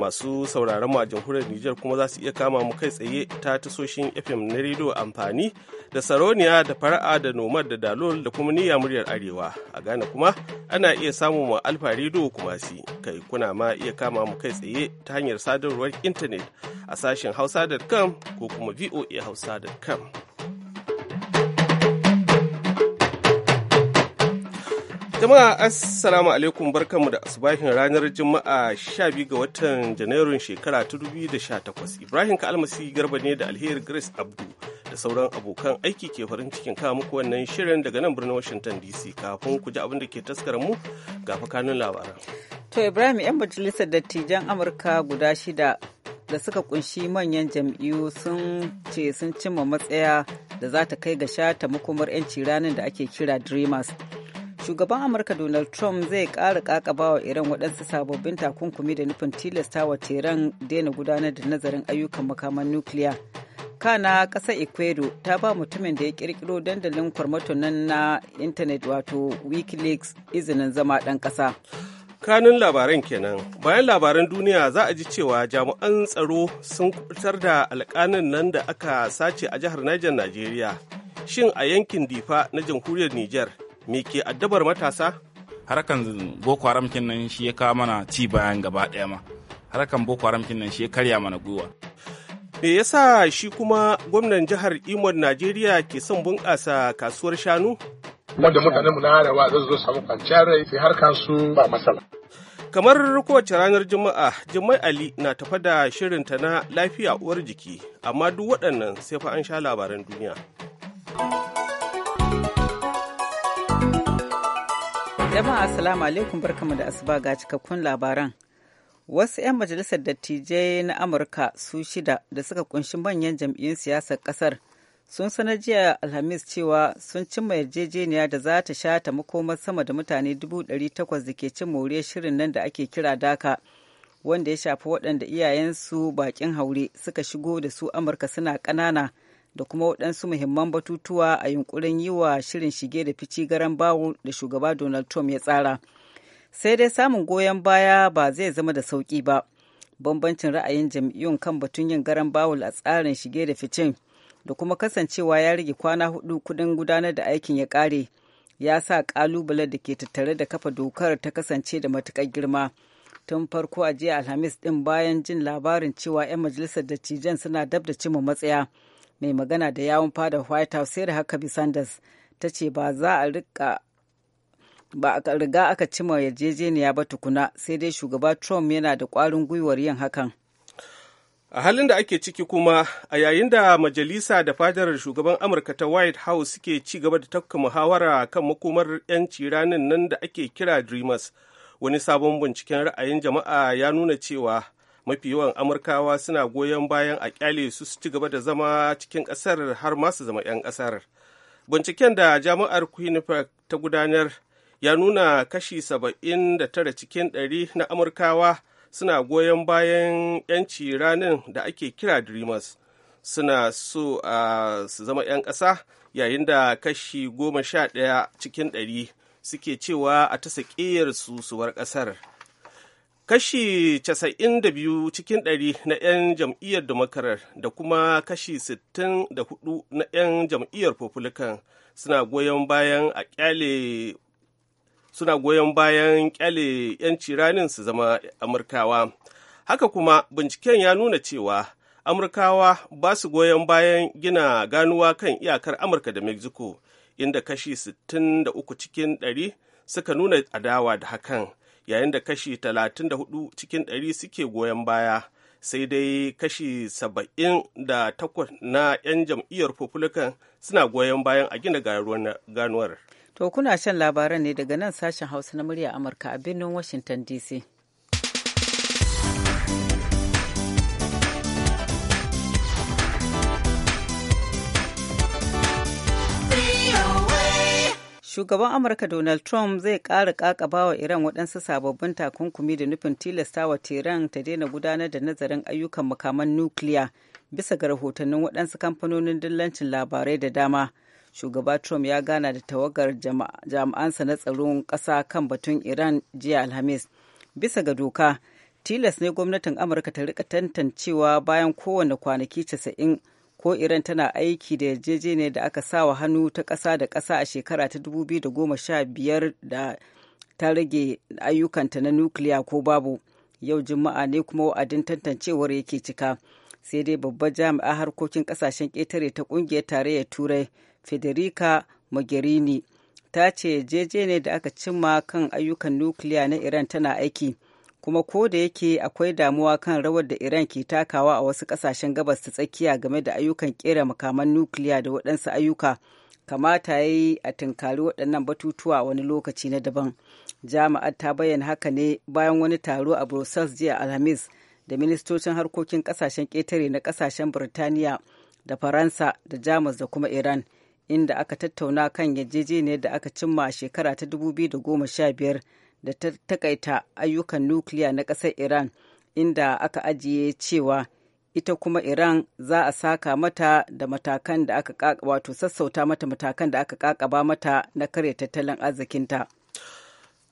masu sauraron a jamhuriyar Nijar kuma za su iya kama mu kai tsaye ta tasoshin FM na rediyo amfani da Saroniya da Fara'a da Nomad da Dalol da kuma Niyya muryar Arewa. A Ghana kuma ana iya samun mu Alfa rediyo kuma si kai kuna ma iya kama mu kai tsaye ta hanyar sadarwar intanet a sashen hausa.com ko kuma voahausa.com. Jama'a Assalamu alaikum barkanmu da asubahin ranar Juma'a 12 ga watan Janairun shekara ta 2018. Ibrahim Kalmasi Garba ne da Alheri Grace Abdu da sauran abokan aiki ke farin cikin kawo muku wannan shirin daga nan birnin Washington DC kafin ku ji abin da ke taskar mu ga fakanin labaran. To Ibrahim 'yan majalisar dattijan Amurka guda shida da suka kunshi manyan jam'iyyu sun ce sun cimma matsaya da za ta kai ga shata makomar 'yanci ranar da ake kira Dreamers. shugaban amurka donald trump zai kara ƙaƙaba wa iran waɗansu sababbin takunkumi da nufin tilasta wa teran daina gudanar da nazarin ayyukan makaman nukiliya kana ƙasar ecuador ta ba mutumin da ya ƙirƙiro dandalin kwarmaton nan na intanet wato wikileaks izinin zama ɗan ƙasa kanun labaran kenan bayan labaran duniya za a ji cewa jami'an tsaro sun kubutar da alƙanin nan da aka sace a jihar niger najeriya shin a yankin difa na jamhuriyar niger me ke addabar matasa harkan boko haram nan shi ya kawo mana ci bayan gaba daya ma harkan boko haram nan shi ya karya mana gwiwa me yasa shi kuma gwamnan jihar imon najeriya ke son bunƙasa kasuwar shanu wanda mutanen mu na arewa zai zo samu kwanciyar rai sai harkan su ba matsala kamar kowace ranar juma'a jimai ali na tafa da shirinta na lafiya uwar jiki amma duk waɗannan sai fa an sha labaran duniya thank you Jama'a Assalamu alaikum barkamu da asuba ga cikakkun labaran. Wasu 'yan majalisar dattijai na Amurka su shida da suka kunshi manyan jam'iyyun siyasar kasar sun sanar jiya Alhamis cewa sun cimma yarjejeniya da za ta sha ta makomar sama da mutane 800 da ke cin more shirin nan da ake kira daka wanda ya shafi waɗanda iyayensu bakin haure suka shigo da su Amurka suna ƙanana. da kuma waɗansu muhimman batutuwa a yunkurin yi wa shirin shige da fici garan bawo da shugaba Donald Trump ya tsara. Sai dai samun goyon baya ba zai zama da sauki ba. Bambancin ra'ayin jam'iyyun kan batun yin garan bawul a tsarin shige da ficin da kuma kasancewa ya rage kwana hudu kudin gudanar da aikin ya kare ya sa kalubalen da ke tattare da kafa dokar ta kasance da matukar girma. tun farko a jiya alhamis din bayan jin labarin cewa 'yan majalisar dattijan suna dab da cimma matsaya mai magana da yawon fada white house sai da haka sanders ta ce ba za a rika ba a riga aka cima yarjejeniya ba tukuna sai dai shugaba trump yana da kwarin gwiwar yin hakan a halin da ake ciki kuma a yayin da majalisa da fadar shugaban amurka ta white house suke ci gaba da tafka muhawara kan makomar 'yanci ranin nan da ake kira dreamers wani sabon binciken ra'ayin jama'a ya nuna cewa mafi yawan amurkawa suna goyon bayan a kyale su su ci gaba da zama cikin ƙasar har masu zama 'yan ƙasar binciken da jami'ar quinnipiac ta gudanar ya nuna kashi 79 cikin 100 na amurkawa suna goyon bayan 'yanci ranin da ake kira dreamers suna so a su zama 'yan ƙasa yayin da kashi 11 cikin 100 suke cewa a ta su suwar ƙasar kashi casa'in da biyu cikin ɗari na 'yan jam'iyyar democrat da kuma kashi sittin da hudu na 'yan jam'iyyar republican suna goyon bayan a kyale suna goyon bayan kyale 'yanci ranin su zama amurkawa haka kuma binciken ya nuna cewa amurkawa ba su goyon bayan gina ganuwa kan iyakar amurka da mexico inda kashi 63 cikin 100 suka nuna adawa da hakan yayin da kashi 34 cikin 100 suke goyon baya sai dai kashi 78 na 'yan jam'iyyar republican suna goyon bayan a gina ganuwar to kuna shan labaran ne daga nan sashen hausa na murya amurka a birnin washington dc shugaban amurka donald trump zai ƙara ƙaƙaba wa iran waɗansu sababbin takunkumi da nufin tilasta wa tehran ta daina gudanar da nazarin ayyukan makaman nukiliya bisa ga rahotannin waɗansu kamfanonin dillancin labarai da dama shugaba trump ya gana da tawagar jami'ansa na tsaron ƙasa kan batun iran jiya alhamis bisa ga doka tilas ne gwamnatin amurka ta rika tantancewa bayan kowane kwanaki casa'in ko Iran tana aiki da yarjejeniyar da aka sawa hannu ta ƙasa da ƙasa a shekara ta 2015 da ta rage ayyukanta na nukiliya ko babu. Yau Juma'a ne kuma wa'adin tantancewar yake cika. Sai dai babbar jami'a harkokin ƙasashen ƙetare ta ƙungiyar tarayyar Turai, Federica Mogherini, ta ce yarjejeniyar da aka cimma kan ayyukan nukiliya na Iran tana aiki. kuma ko da yake akwai damuwa kan rawar da iran ke takawa a wasu kasashen gabas ta tsakiya game da ayyukan kera makaman nukiliya da waɗansu ayyuka kamata ya yi a tunkari waɗannan batutuwa wani lokaci na daban jami'ar ta bayyana haka ne bayan wani taro a brussels jiya alhamis da ministocin harkokin kasashen ƙetare na kasashen birtaniya da faransa da jamus da kuma iran inda aka tattauna kan yarjejeniyar da aka cimma a shekara ta 2015 da ta takaita ayyukan nukiliya na ƙasar iran inda aka ajiye cewa ita kuma iran za a saka mata da matakan da aka wato sassauta mata matakan da aka kakaba mata na karya tattalin arzikinta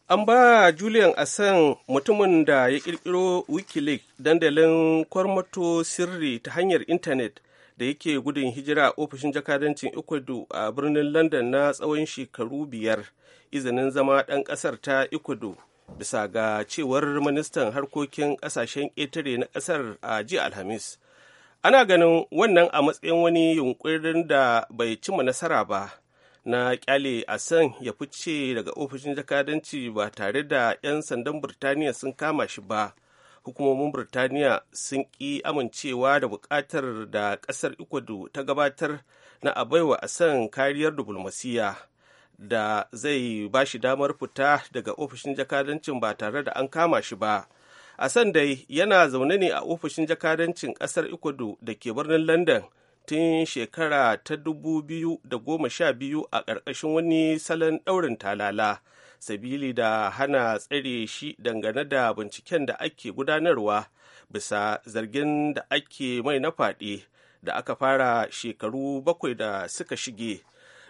an ba julian assange mutumin da ya ƙirƙiro wikileaks dandalin kwarmato sirri ta hanyar intanet da yake gudun hijira a ofishin jakadancin ecuador a birnin london na tsawon shekaru biyar izinin zama ɗan ƙasar ta ecuador bisa ga cewar ministan harkokin ƙasashen ƙetare na ƙasar a jiya alhamis ana ganin wannan a matsayin wani yunkurin da bai cimma nasara ba na kyale san ya fice daga ofishin jakadanci ba tare da 'yan sandan burtaniya sun kama shi ba hukumomin burtaniya sun ƙi amincewa da buƙatar da ƙasar ecuador ta gabatar na a baiwa asan kariyar diflomasiyya da zai ba shi damar fita daga ofishin jakadancin ba tare da an kama shi ba A san dai yana zaune ne a ofishin jakadancin ƙasar ecuador da ke birnin london tun shekara ta da goma sha biyu a ƙarƙashin wani salon ɗaurin talala. sabili da hana tsare shi dangane da binciken da ake gudanarwa bisa zargin da ake mai na faɗi da aka fara shekaru bakwai da suka shige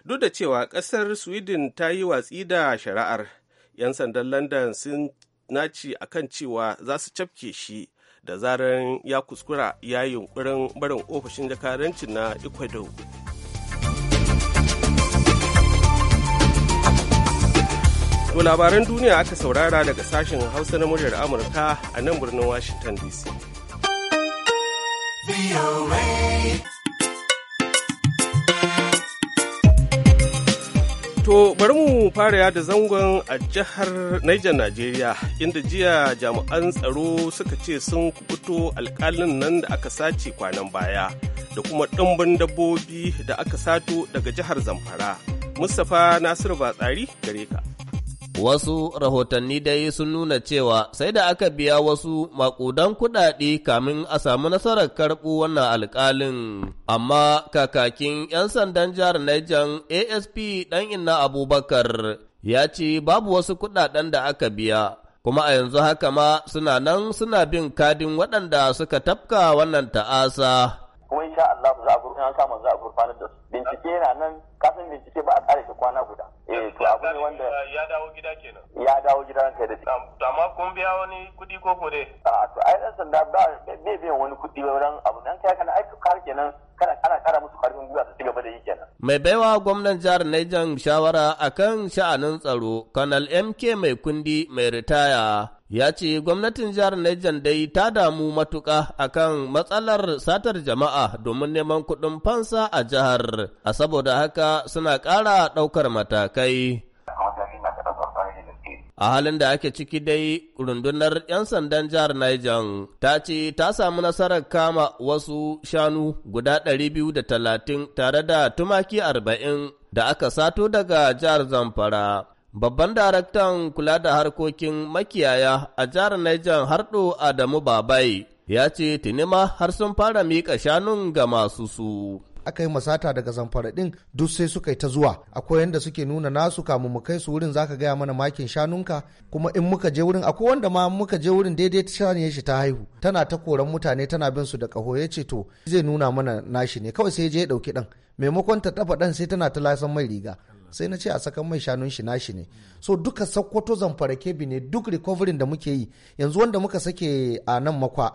duk da cewa ƙasar sweden ta yi watsi da shari'ar 'yan sandan london sun naci akan cewa za su cafke shi da zarar ya kuskura ya yunkurin barin ofishin jakarancin na ecuador To labaran duniya aka saurara daga sashen Hausa na muryar Amurka a nan birnin Washington DC. To bari mu fara yada zangon a jihar Niger Najeriya inda jiya jami'an tsaro suka ce sun kubuto alkalin nan da aka sace kwanan baya da kuma ɗumbin dabbobi da aka sato daga jihar Zamfara. Mustapha Nasiru Batsari gare ka. Wasu rahotanni dai sun nuna cewa sai da aka biya wasu makudan kuɗaɗe kamin a samu nasarar karɓo wannan alƙalin. Amma kakakin 'yan sandan jihar Niger ASP ɗan inna Abubakar ya ce babu wasu kuɗaɗen da aka biya. kuma a yanzu haka ma suna nan suna bin kadin waɗanda suka tafka wannan ta'asa kuma insha Allah za a an kama za a gurfanar da su bincike yana nan kasan bincike ba a kare shi kwana guda eh to abu ne wanda ya dawo gida kenan ya dawo gida ranka da to amma kun biya wani kuɗi ko ko dai a to ai dan sanda ba bai biyan wani kuɗi wurin abu nan kai kana aiki kar kenan kana kana kara musu karfin gwiwa su cigaba gaba da yi kenan mai baiwa gwamnan jihar Niger shawara akan sha'anin tsaro kanal MK mai kundi mai ritaya ya ce gwamnatin jihar Niger dai ta damu matuƙa akan matsalar satar jama'a domin neman kuɗin fansa a jihar, a saboda haka suna ƙara ɗaukar matakai. a halin da ake ciki dai rundunar 'yan sandan jihar Niger ta ce ta samu nasarar kama wasu shanu guda 230 tare da tumaki 40 da aka sato daga jihar Zamfara. Babban daraktan kula da harkokin makiyaya a jihar Niger Hardo Adamu Babai ya ce tinima har sun fara mika shanun ga masu su. aka yi masata daga zamfara din duk sai suka yi ta zuwa akwai yanda suke nuna nasu kamun mu kai su wurin zaka gaya mana makin shanunka kuma in muka je wurin akwai wanda ma muka je wurin daidai ta shaniye shi ta haihu tana ta koran mutane tana bin su da kaho ya ce to zai nuna mana nashi ne kawai sai je ya dauki dan maimakon ta dafa dan sai tana ta lasan mai riga sai na ce a sakan mai shanun shi nashi ne so duka sakkwato zamfara kebi ne duk recovery da muke yi yanzu wanda muka sake a nan makwa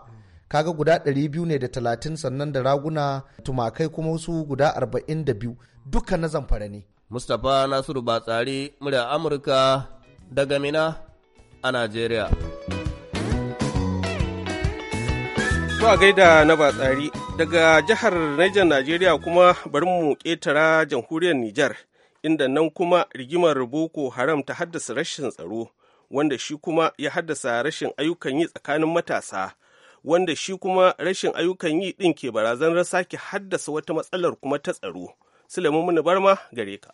kaga guda 200 ne da 30 sannan da raguna tumakai kuma wasu guda 42 duka na zamfara ne mustapha nasiru batsari murya amurka daga mina a nigeria zuwa gaida na batsari daga jihar Niger nigeria kuma bari mu ƙetara jamhuriyar Nijar. inda nan kuma rigimar boko haram ta haddasa rashin tsaro wanda shi kuma ya haddasa rashin ayyukan yi tsakanin matasa wanda shi kuma rashin ayyukan yi ɗin ke barazanar sake haddasa wata matsalar kuma ta tsaro sulaimu muni barma gare ka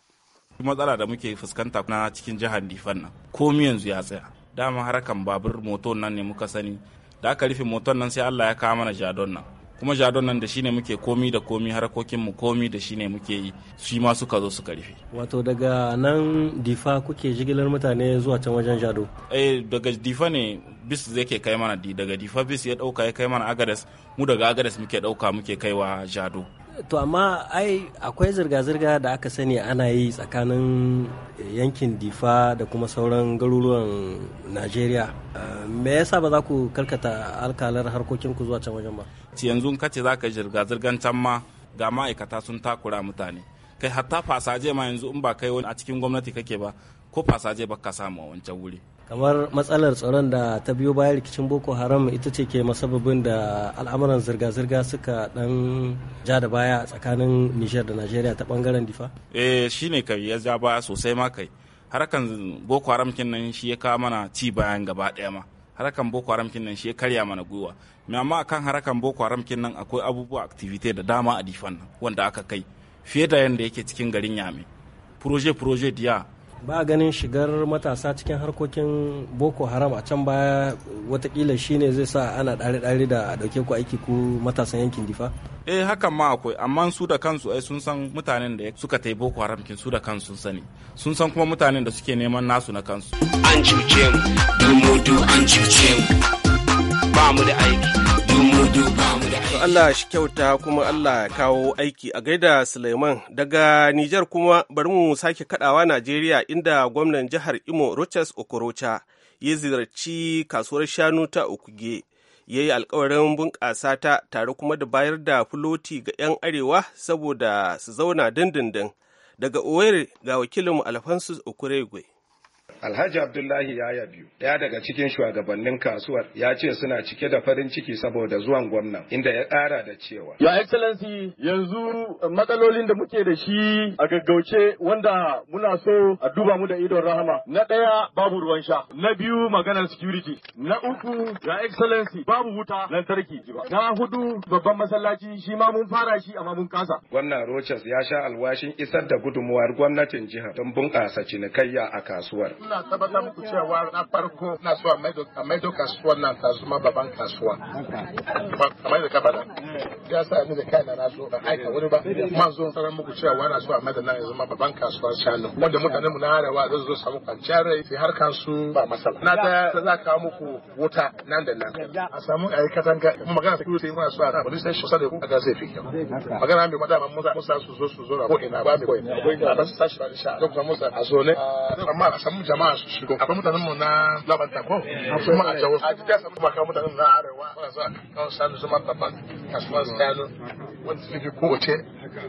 matsala da muke fuskanta na cikin jihar difan nan komi yanzu ya tsaya dama harakan babur moton nan ne muka sani da aka rufe moton nan sai allah ya kawo mana jadon nan kuma jadon nan da shi ne muke komi da komi harkokin mu komi da shi ne muke yi shi ma suka zo suka rufe wato daga nan difa kuke jigilar mutane zuwa can wajen jado eh daga difa ne bis zai ke kai mana daga difa bis ya dauka ya kai mana agadas mu daga agadas muke dauka muke kaiwa jado to amma ai akwai zirga-zirga da aka sani ana yi tsakanin yankin difa da kuma sauran garuruwan najeriya eh, me yasa ba za ku karkata alkalar harkokinku zuwa can wajen ba ci yanzu ka ce za ka zirga zirgan can ma ga ma'aikata sun takura mutane kai hatta fasaje ma yanzu in ba kai wani a cikin gwamnati kake ba ko fasaje ba ka samu a wancan wuri kamar matsalar tsaron da ta biyo bayan rikicin boko haram ita ce ke masababin da al'amuran zirga-zirga suka dan ja da baya tsakanin nijar da nigeria ta bangaren difa eh ne kai ya ja baya sosai ma kai harkan boko haram kin nan shi ya kawo mana ci bayan gaba daya ma harakan boko haram kin nan shi ya karya mana gwiwa me amma akan harakan boko haram kin nan akwai abubuwa activity da dama a difan wanda aka kai fiye da yanda yake cikin garin yame proje proje diya ba ganin shigar matasa cikin harkokin boko haram a can baya watakila shine zai sa ana ɗare-ɗare da a ɗauke ku aiki ku matasan yankin difa eh hakan ma akwai amma su da kansu ai sun san mutanen da suka tai boko haram kin su da kansu sun sani sun san kuma mutanen da suke neman nasu na kansu an cuce mu an cuce mu ba mu da aiki ba mu da Allah shi kyauta kuma Allah ya kawo aiki a gaida Suleiman daga Nijar kuma bari mu sake kadawa Najeriya inda gwamnan jihar Imo Rochas Okorocha ya ziyarci kasuwar shanu ta Okuge ya yi alkawarin bunƙasa ta tare kuma da bayar da fuloti ga 'yan arewa saboda su zauna dindindin daga Owerri ga wakilinmu Alphonsus Okuregwe. Alhaji Abdullahi ya biyu, ɗaya daga cikin shugabannin kasuwar, ya ce suna cike da farin ciki saboda zuwan gwamnan, inda ya ƙara da cewa. Your Excellency, yanzu matsalolin da muke da shi a gaggauce wanda muna so a duba mu da idon rahama. Na ɗaya babu ruwan sha, na biyu maganar security, na uku Your Excellency babu wuta lantarki ba. Na hudu babban masallaci shi ma mun fara shi amma mun kasa. Gwamnan Rochas ya sha alwashin isar da gudunmuwar gwamnatin jiha don bunƙasa cinikayya a kasuwar. ina tabbatar muku cewa na farko na so a maido kasuwar nan ta zuma baban kasuwa kamar da kafada ya sa ni da kai na so ban aika wani ba kuma zo sanar muku cewa na so a maido nan ya zama baban kasuwa shanu wanda mutane mu na arewa zai zo samu kwanciyar rai sai har kansu ba masala na ta za kawo muku wuta nan da nan a samu a yi katanga kuma magana security muna so a police station sai ku ga zai fi kyau magana mai madama musa musa su zo su zo ko ina ba mai ko ina ba su tashi ba insha Allah musa a zo ne amma a samu jama'a su shigo akwai mutanen mu na labanta ko su ma a jawo a kuma kawo mutanen na arewa zuwa kawo sanu zama babban kasuwa su wanda kowace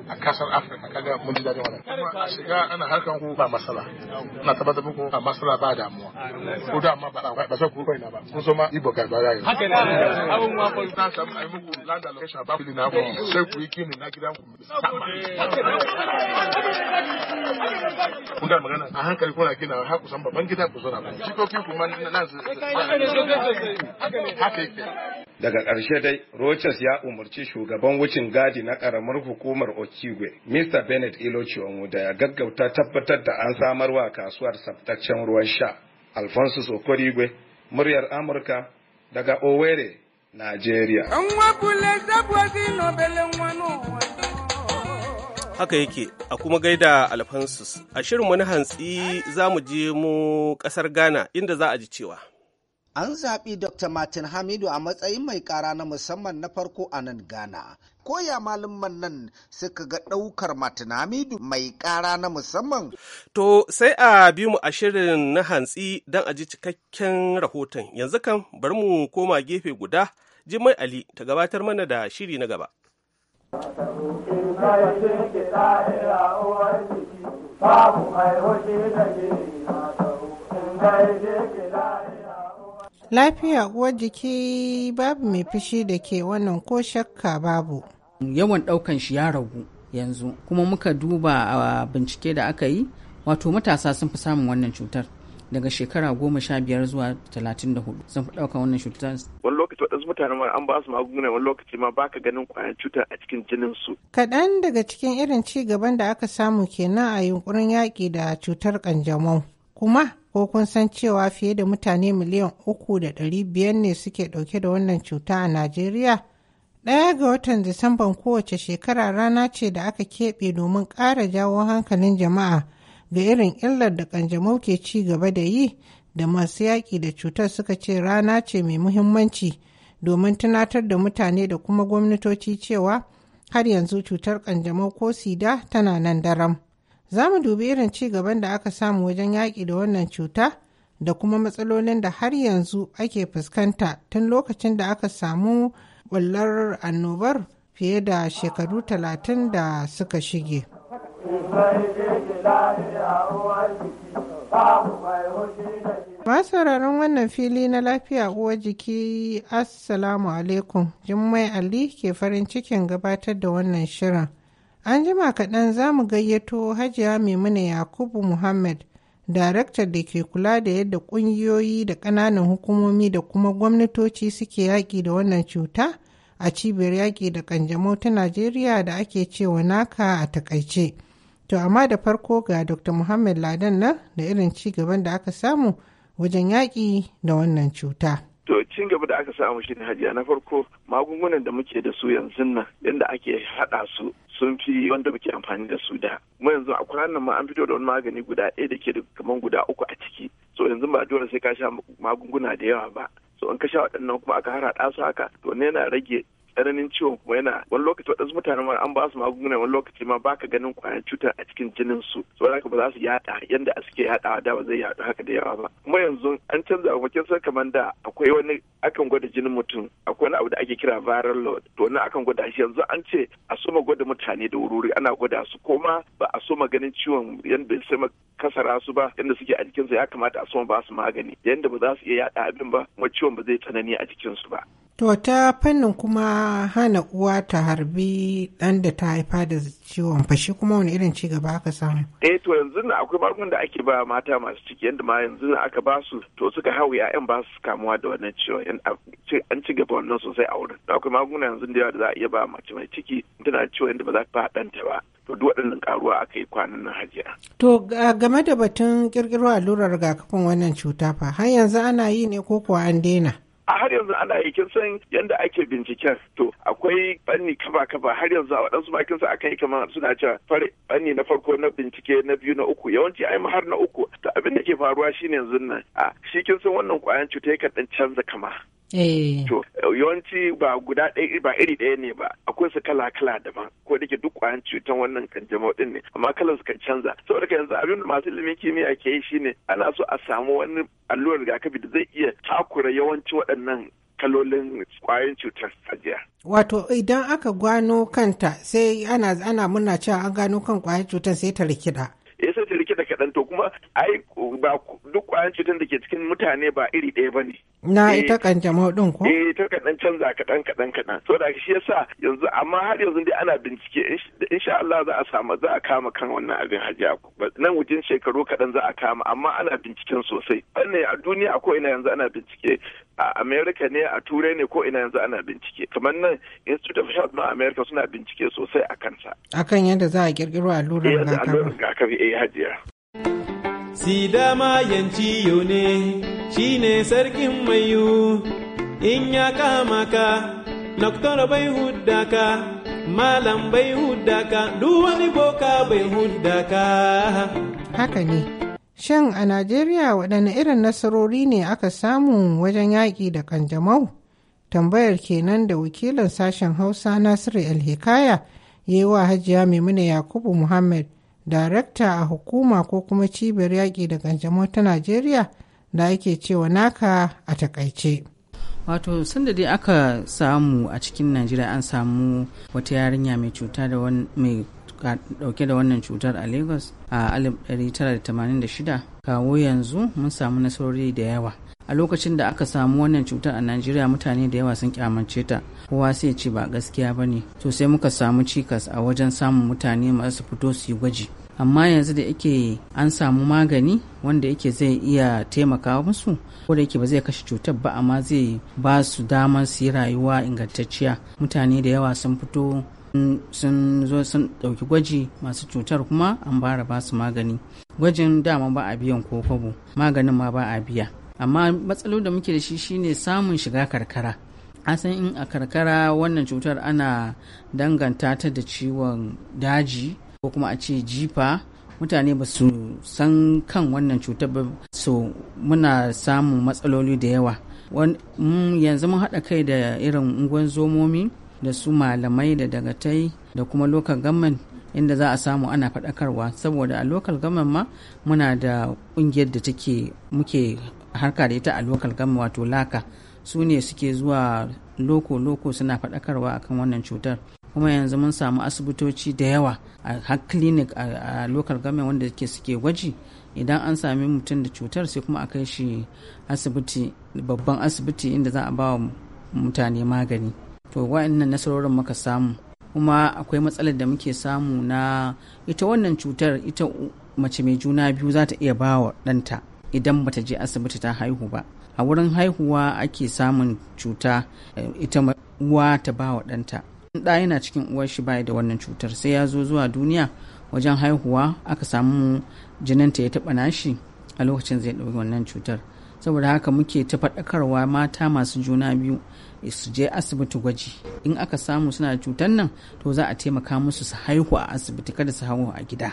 a kasar afirka kaga mun ji daɗin wannan kuma a shiga ana harkan ku ba masala na tabbatar muku ba masala ba damuwa ko da ma ba ba sai ku kai na ba kun so ma ibo ka ba rayu haka ne abun ma ko ta samu ai muku land allocation ba ku na ku sai ku yi kimi na gidan ku kun da magana a hankali kuna kina har ku san babban gida ku zura ba shi ko ki kuma nan haka yake daga ƙarshe dai Rochas ya umarci shugaban wucin gadi na ƙaramar hukumar okigwe mr bennett da ya gaggauta tabbatar da an samar wa kasuwar tsabtaccen ruwan sha alphonsus okorigwe muryar amurka daga owerri Najeriya. haka yake a kuma gaida alphonsus a shirin wani hantsi za mu je mu ƙasar ghana inda za a ji cewa An zaɓi Dr. Martin Hamidu a matsayin mai ƙara na musamman na farko a nan Ghana. Koya malaman nan suka ga ɗaukar Martin Hamidu mai ƙara na musamman. To sai a bi mu a shirin na hantsi don a ji cikakken rahoton. Yanzu kan bari mu koma gefe guda, Jimai Ali ta gabatar mana da shiri na gaba. Babu mai hoshi da ke Lafiya uwar jiki babu mai fushi da ke wannan ko shakka babu. Yawan ɗaukan shi ya ragu yanzu kuma muka duba a bincike da aka yi wato matasa sun fi samun wannan cutar daga shekara goma sha biyar zuwa talatin da hudu sun fi ɗaukan wannan cutar. Wani lokaci waɗansu mutane ma an ba su magunguna wani lokaci ma baka ganin kwayar cutar a cikin jinin su. Kaɗan daga cikin irin ci gaban da aka samu kenan a yunkurin yaƙi da cutar ƙanjamau. Kuma ko kun san cewa fiye da mutane miliyan uku da ɗari biyar ne suke ɗauke da wannan cuta a Najeriya? Ɗaya ga watan Disamban kowace shekara rana ce da aka keɓe domin ƙara jawo hankalin jama'a ga irin illar da ƙanjamau ke ci gaba da yi da masu yaƙi da cutar suka ce rana ce mai muhimmanci domin tunatar da mutane da kuma gwamnatoci cewa har yanzu cutar ƙanjamau ko sida tana nan daram. Za mu dubi irin ci gaban da aka samu wajen yaƙi da wannan cuta da kuma matsalolin da har yanzu ake fuskanta tun lokacin da aka samu ɓullar annobar fiye da shekaru talatin da suka shige. Masu sauraron wannan fili na lafiya uwar jiki Assalamu alaikum Jummai Ali ke farin cikin gabatar da wannan shirin. An jima kaɗan za mu gayyato Hajiya Maimuna Yakubu Muhammad, daraktar da ke kula da yadda ƙungiyoyi da ƙananan hukumomi da kuma gwamnatoci suke yaƙi da wannan cuta a cibiyar yaƙi da ƙanjamau ta Najeriya da ake cewa naka a takaice. To amma da farko ga Dr. Muhammad Ladan nan da irin ci gaban da aka samu wajen yaƙi da wannan cuta. To cin gaba da aka samu shi hajiya na farko magungunan da muke da su yanzu nan yadda ake haɗa su sun fi wanda muke amfani da su da mu yanzu a kwanan ma an fito da wani magani guda ɗaya da ke da kaman guda uku a ciki so yanzu ba dole sai ka sha magunguna da yawa ba so in ka sha waɗannan kuma aka harhaɗa su haka to ne yana rage tsananin ciwon kuma yana wani lokaci waɗansu mutane ma an ba su magunguna wani lokaci ma baka ganin kwayan cuta a cikin jinin su saboda haka ba za su yada yanda suke yaɗawa da ba zai yadu haka da yawa ba kuma yanzu an canza abu kin san kamar da akwai wani akan gwada jinin mutum akwai wani abu da ake kira viral load to wannan akan gwada shi yanzu an ce a soma gwada mutane da wuri ana gwada su koma ba a soma ganin ciwon yanda sai kasara su ba yanda suke a jikinsu ya kamata a soma ba su magani yanda ba za su iya yada abin ba kuma ciwon ba zai tsanani a jikinsu ba To ta fannin kuma hana uwa ta harbi ɗan da ta haifa da ciwon fashi kuma wani irin ci gaba aka samu. Eh to yanzu na akwai magungunan da ake ba mata masu ciki yadda ma yanzu na aka ba su to suka hau ya'yan ba su kamuwa da wannan ciwon an ci gaba wannan sosai a wurin. akwai magunguna yanzu da da za a iya ba mace mai ciki tana ciwon yadda ba za ta haɗanta ba. To duk waɗannan karuwa aka yi kwanan nan hajiya. To game da batun ƙirƙiro allurar rigakafin wannan cuta fa har yanzu ana yi ne ko kuwa an daina? a har yanzu ana yi kin san yanda ake binciken to akwai fanni kaba kaba har yanzu a waɗansu ma kin san akan yi kamar suna cewa fanni na farko na bincike na biyu na uku yawanci ai har na uku to abin da ke faruwa shine yanzu nan a shi kin san wannan kwayan cuta yakan dan canza kama Eh. To yawanci ba guda ɗaya ba iri ɗaya ne ba akwai su kala kala daban ko da ke duk kwayan cutan wannan kanjamau ɗin ne amma kalar su kan canza saboda ka yanzu abin da masu ilimin kimiyya ke yi shine ana so a samu wani allurar rigakafi da zai iya takura yawanci waɗannan kalolin kwayan cutar jiya. Wato idan aka gano kanta sai ana ana muna cewa an gano kan kwayan cutar sai ta rikida. Eh, sai ta rikida kaɗan to kuma ai ba duk ƙwayan cutar da ke cikin mutane ba iri ɗaya ba ne. Na eh, ita kanjamau ɗin ko? Eh ita kaɗan canza kaɗan kaɗan kaɗan. So da shi yasa yanzu amma har yanzu dai ana bincike insha Allah za a samu za a kama kan wannan abin hajiya nan wajen shekaru kaɗan za a kama amma ana binciken sosai. Wannan a duniya ko ina yanzu ana bincike a Amerika ne a Turai ne ko ina yanzu ana bincike. Kamar nan Institute of Health na Amerika suna bincike sosai a kansa. Akan yadda za a kirkiro allurar eh, rigakafi. Allurar rigakafi eh hajiya. Sida mayan ciyo ne, shi ne sarkin mayu, in ya kama ka, Doktor bai hudda ka, Malam bai hudda ka, wani boka bai hudda ka. Haka ne. Shin a Najeriya waɗanne irin nasarori ne aka samu wajen yaƙi da ƙanjamau? Tambayar kenan da wakilin sashen Hausa Nasiru Alhikaya ya yi wa Hajiya Maimuna Yakubu Muhammad darakta a hukuma ko kuma cibiyar yaƙi da kanjamau ta najeriya da ake cewa naka a takaice wato sanda dai aka samu a cikin najeriya an samu wata yarinya mai cuta da mai dauke da wannan cutar a lagos a 1986 kawo yanzu mun samu nasarori da yawa a lokacin da aka samu wannan cutar a najeriya mutane da yawa sun kyamance ta kowa sai ce ba gaskiya ba ne to sai muka samu cikas a wajen samun mutane masu fito su yi gwaji amma yanzu da yake an samu magani wanda yake zai iya taimaka musu ko da yake ba zai kashe cutar ba amma zai ba su damar su yi rayuwa ingantacciya mutane da yawa sun fito sun zo sun ɗauki gwaji masu cutar kuma an bara ba su magani gwajin dama ba a biyan ko kwabo maganin ma ba a biya amma matsalolin da muke da shi shine samun shiga karkara an san in a karkara wannan cutar ana danganta ta da ciwon daji ko kuma a ce jifa mutane ba su san kan wannan cutar ba so muna samun matsaloli da yawa mm, yanzu mun haɗa kai da irin ungon zomomi da su malamai da dagatai da kuma local government inda za a samu ana faɗakarwa saboda a local government ma muna da ƙungiyar da take muke harka da ita a lokal gama wato laka su ne suke zuwa loko-loko suna faɗakarwa akan wannan cutar kuma yanzu mun samu asibitoci da yawa a har clinic a local gama wanda ke suke gwaji idan an sami mutum da cutar sai kuma a kai shi asibiti babban asibiti inda za a ba wa mutane magani to wa'annan nasarorin muka samu kuma akwai matsalar da muke samu na ita wannan cutar ita mace mai juna biyu za ta iya ba wa ɗanta idan bata je asibiti ta haihu ba a wurin haihuwa ake samun cuta eh, ita uwa ta ba wa ɗanta ɗa yana cikin uwar shi baya da wannan cutar sai ya zo zuwa duniya wajen haihuwa aka samu jininta ya taɓa nashi a lokacin zai ɗauki wannan cutar saboda haka muke ta faɗakarwa mata masu juna biyu eh, su je asibiti gwaji in aka samu suna da cutar nan to za a taimaka musu su haihu a asibiti kada su haihu a gida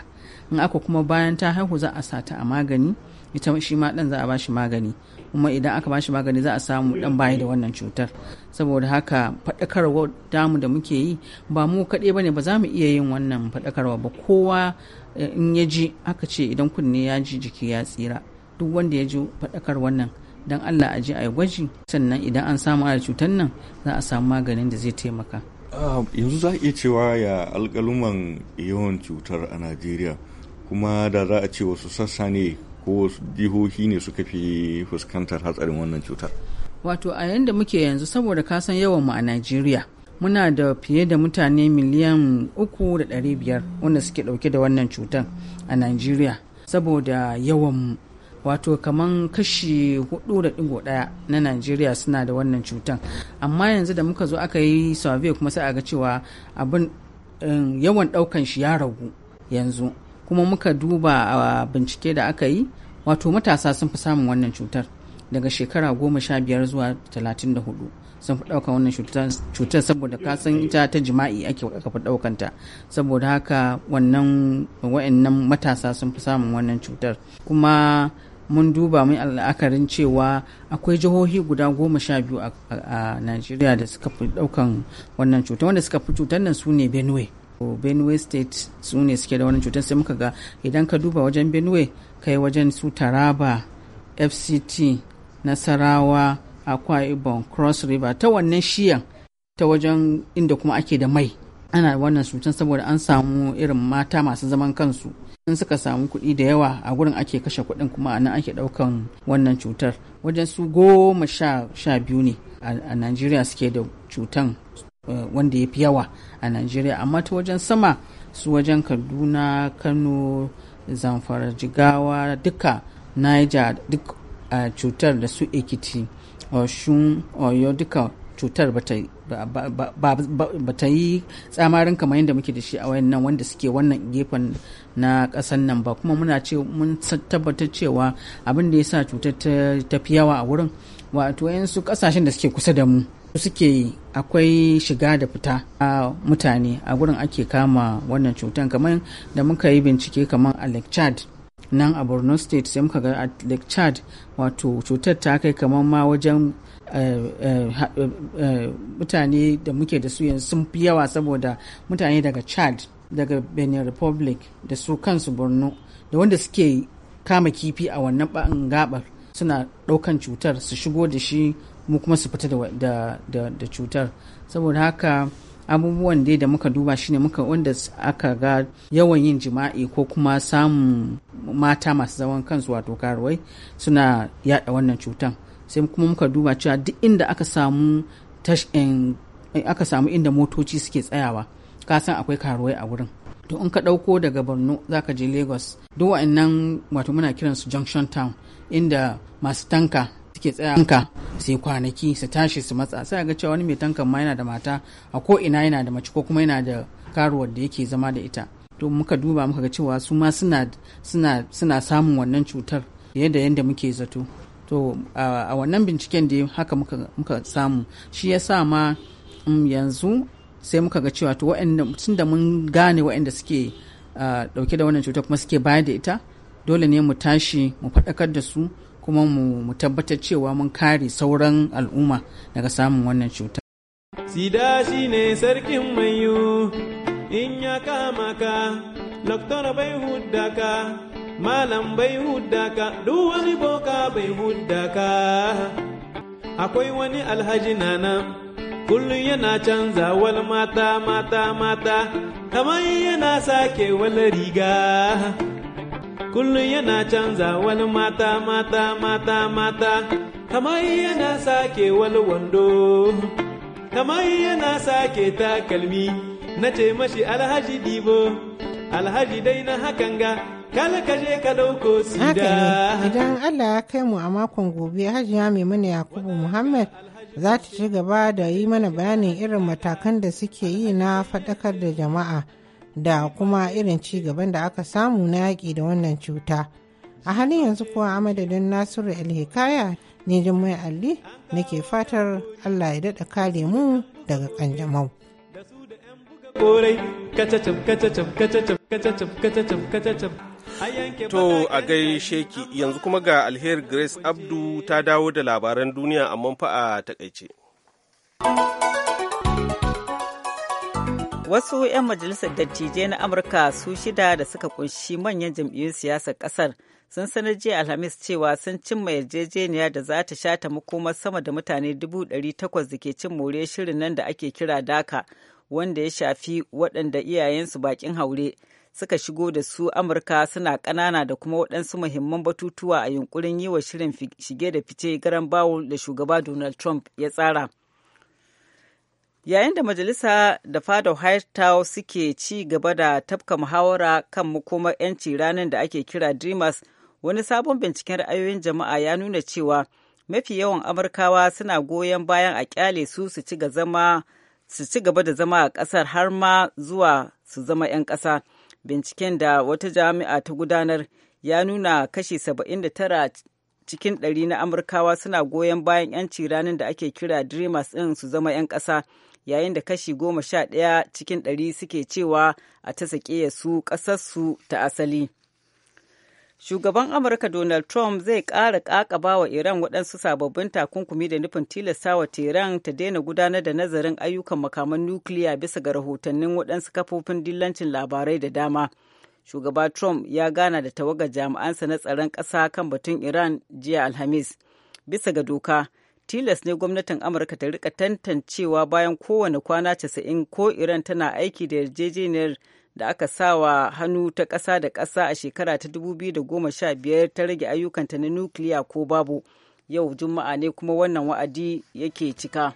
in aka kuma bayan ta haihu za a sata a magani ita shi ma dan za a bashi magani kuma idan aka bashi magani za a samu dan baya da wannan cutar saboda haka faɗakarwa damu da muke yi ba mu kaɗai ba ne ba za mu iya yin wannan faɗakarwa ba kowa eh, in ya ji aka ce idan kunne ya ji jiki ya tsira duk wanda ya ji fadakar wannan don allah a ji a yi gwaji sannan idan an samu a cutar nan za a samu maganin da zai taimaka ah, yanzu za a iya cewa ya alƙaluman yawan cutar a najeriya kuma da za a ce wasu sassa ne ko jihohi ne suka fi fuskantar hatsarin wannan cutar wato a yanda muke yanzu saboda kasan yawan mu a najeriya muna da fiye da mutane miliyan uku da wanda suke ɗauke da wannan cutar a najeriya saboda yawan mu wato kaman kashi 4.1 na najeriya suna da wannan cutar amma yanzu da muka zo aka yi survey kuma sai a ga cewa abin eh, yawan ɗaukan shi ya ragu yanzu kuma muka duba a bincike da aka yi wato matasa sun fi samun wannan cutar daga shekara goma sha biyar zuwa talatin da hudu sun fi ɗaukan wannan cutar saboda kasan ita ta jima'i ake aka fi ɗaukanta saboda haka wannan wa'annan matasa sun fi samun wannan cutar kuma mun duba mun al'akarin cewa akwai jihohi guda goma sha biyu a najeriya da suka fi ɗaukan wannan cutar wanda suka fi cutar nan su ne benue benue state su ne suke da wannan cutar sai muka ga idan ka duba wajen benue kai wajen su taraba fct nasarawa akwa ibom cross river ta wannan shiyan ta wajen inda kuma ake da mai ana wannan cutar saboda an samu irin mata masu zaman kansu in suka samu kuɗi da yawa a gurin ake kashe kuɗin kuma a nan ake ɗaukan wannan cutar wajen su goma sha biyu ne a najeriya suke da cutan Eh, wanda ya fi yawa a najeriya amma ta wajen sama su wajen kaduna kano zamfara jigawa duka niger duk eh, cutar da su ekiti oshun oyo duka cutar ba ta yi tsamarin kamar yadda muke da shi a wayannan wanda suke wannan gefen na kasan nan ba kuma muna ce mun tabbatar cewa abin da ya sa cutar ta fi yawa a wurin wato su kasashen da suke kusa da mu suke yi akwai shiga da fita a mutane a gurin ake kama wannan cutan kamar da muka yi bincike kamar a lake chad nan a borno state sai muka ga a lake chad wato cutar ta kai kamar ma wajen eh, eh, eh, mutane da muke da su yanzu sun fi yawa saboda mutane daga chad daga benin republic da su kansu borno da wanda suke kama kifi a wannan gabar suna ɗaukan cutar su shigo da shi mu kuma su fita da cutar saboda haka abubuwan dai da muka duba shine muka wanda aka ga yawan yin jima'i ko kuma samun mata masu zaman kansu wato karuwai suna yada wannan cutar sai kuma muka duba cewa duk inda aka samu eh, aka samu inda motoci suke tsayawa ka san akwai karuwai a wurin to in ka ɗauko daga borno zaka je lagos duk wa'annan wato muna kiransu junction town inda masu tanka suke tsaya ka sai kwanaki su tashi su matsa sai ga cewa wani mai tankan ma yana da mata a ko ina yana da mace ko kuma yana da karuwar da yake zama da ita to muka duba muka ga cewa su ma suna suna samun wannan cutar yadda yadda muke zato to a wannan binciken da haka muka muka samu shi ya sa ma um, yanzu sai muka ga cewa to waɗanda tun da mun gane waɗanda suke dauke da wannan cutar kuma suke bayar da ita dole ne mu tashi mu faɗakar da su kuma mu tabbatar cewa mun kare sauran al'umma daga samun wannan cuta. Sida shi ne sarkin mayu in ya kama ka, doktor bai hudda malam bai hudda duk wani boka bai hudda Akwai wani alhaji nana kullum yana canza wal mata mata mata, kamar yana sake wal riga. kullum yana canza wani mata mata mata mata kamar yana sake wani wando kamar yana sake takalmi na ce mashi alhaji dibo alhaji dai na hakan ga kala ka je sida idan allah ya kai mu a makon gobe hajiya mana yakubu muhammad za ta ci gaba da yi mana bayanin irin matakan da suke yi na faɗakar da jama'a da kuma irin ci gaban da aka samu na yaƙi da wannan cuta. A halin yanzu kuwa a madadin Nasiru Alhikaya ne Jummai Ali nake fatar Allah ya daɗa kare mu daga ƙanjamau. To a gaishe ki yanzu kuma ga alheri Grace Abdu ta dawo da labaran duniya amma fa a takaice. wasu 'yan majalisar dattijai na amurka su shida da suka kunshi manyan jam'iyyun siyasar kasar sun sanar jiya alhamis cewa sun cimma yarjejeniya da za ta shata makomar sama da mutane 800 da ke cin more shirin nan da ake kira daka wanda ya shafi waɗanda iyayensu bakin haure suka shigo da su amurka suna ƙanana da kuma waɗansu muhimman batutuwa a yunkurin yi wa shirin shige da fice garan bawul da shugaba donald trump ya tsara yayin da majalisa da fadar white house suke ci gaba da tafka muhawara kan makomar 'yanci ranar da ake kira dreamers wani sabon binciken ra'ayoyin jama'a ya nuna cewa mafi yawan amurkawa suna goyon bayan a kyale su su ci gaba da zama a kasar har ma zuwa su zama 'yan kasa binciken da wata jami'a ta gudanar ya nuna kashi 79 cikin ɗari na amurkawa suna goyon bayan 'yanci ranar da ake kira dreamers ɗin su zama 'yan ƙasa yayin da kashi goma sha ɗaya cikin ɗari suke cewa a ta sake su ƙasarsu ta asali. Shugaban Amurka Donald Trump zai ƙara ƙaƙaba wa Iran waɗansu sababbin takunkumi da nufin tilastawa Tehran ta daina gudanar da nazarin ayyukan makaman nukiliya bisa ga rahotannin waɗansu kafofin dillancin labarai da dama. Shugaba Trump ya gana da tawagar jami'ansa na tsaron ƙasa kan batun Iran jiya Alhamis. Bisa ga doka, tilas ne gwamnatin amurka ta rika tantancewa bayan kowane kwana 90 ko iran tana aiki da yarjejeniyar da aka sawa hannu ta kasa da kasa a shekara ta 2015 ta rage ayyukanta na nukiliya ko babu yau juma'a ne kuma wannan wa'adi yake cika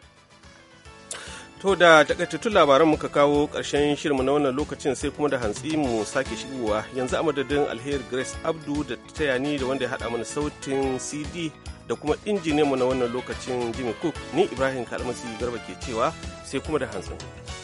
to da takaitattun labaran muka kawo ƙarshen shirinmu na wannan lokacin sai kuma da hantsi mu sake shigowa yanzu a madadin alheri grace abdu da ta yani da wanda ya haɗa mana sautin cd da kuma injiniyanmu na wannan lokacin jimmy cook ni ibrahim kalmasi garba ke cewa sai kuma da hantsin.